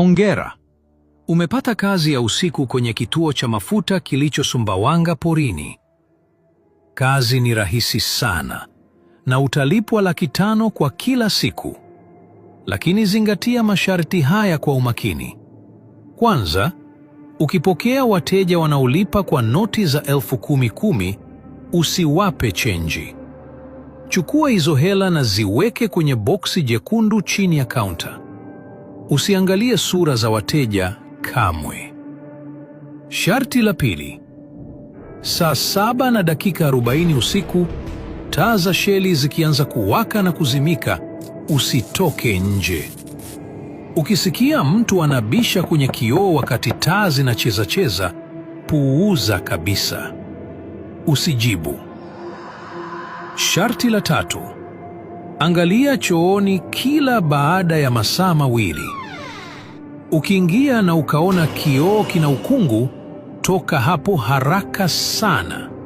Hongera, umepata kazi ya usiku kwenye kituo cha mafuta kilicho Sumbawanga porini. Kazi ni rahisi sana na utalipwa laki tano kwa kila siku, lakini zingatia masharti haya kwa umakini. Kwanza, ukipokea wateja wanaolipa kwa noti za elfu kumi kumi, usiwape chenji. Chukua hizo hela na ziweke kwenye boksi jekundu chini ya kaunta. Usiangalie sura za wateja kamwe. Sharti la pili: saa saba na dakika arobaini usiku, taa za Sheli zikianza kuwaka na kuzimika, usitoke nje. Ukisikia mtu anabisha kwenye kioo wakati taa zinacheza cheza, puuza kabisa, usijibu. Sharti la tatu: angalia chooni kila baada ya masaa mawili. Ukiingia na ukaona kioo kina ukungu, toka hapo haraka sana.